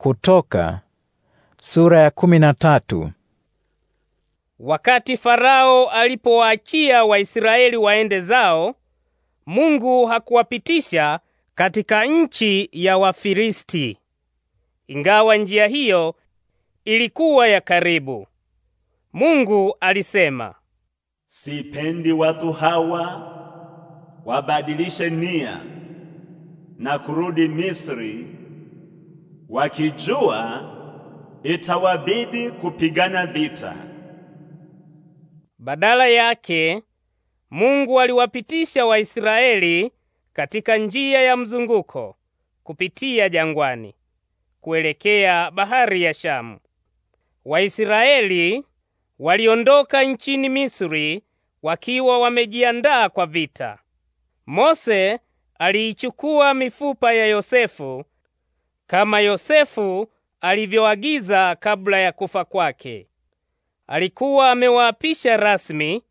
Kutoka sura ya kumi na tatu. Wakati Farao alipowaachia Waisraeli waende zao, Mungu hakuwapitisha katika nchi ya Wafilisti, ingawa njia hiyo ilikuwa ya karibu. Mungu alisema, sipendi watu hawa wabadilishe nia na kurudi Misri wakijua itawabidi kupigana vita. Badala yake Mungu aliwapitisha Waisraeli katika njia ya mzunguko kupitia jangwani kuelekea bahari ya Shamu. Waisraeli waliondoka nchini Misri wakiwa wamejiandaa kwa vita. Mose aliichukua mifupa ya Yosefu kama Yosefu alivyoagiza kabla ya kufa kwake. Alikuwa amewaapisha rasmi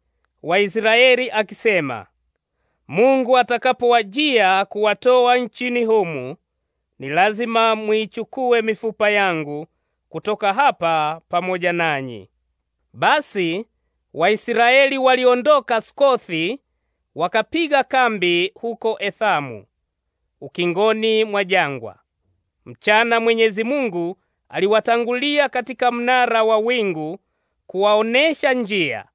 Waisraeli akisema, Mungu atakapowajia kuwatoa nchini humu, ni lazima muichukue mifupa yangu kutoka hapa pamoja nanyi. Basi Waisraeli waliondoka Sukothi wakapiga kambi huko Ethamu ukingoni mwa jangwa. Mchana Mwenyezi Mungu aliwatangulia katika mnara wa wingu kuwaonesha njia,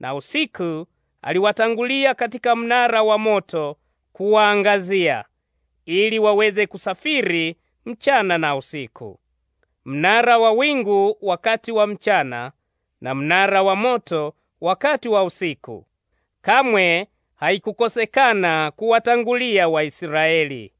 na usiku aliwatangulia katika mnara wa moto kuwaangazia, ili waweze kusafiri mchana na usiku. Mnara wa wingu wakati wa mchana na mnara wa moto wakati wa usiku, kamwe haikukosekana kuwatangulia Waisraeli.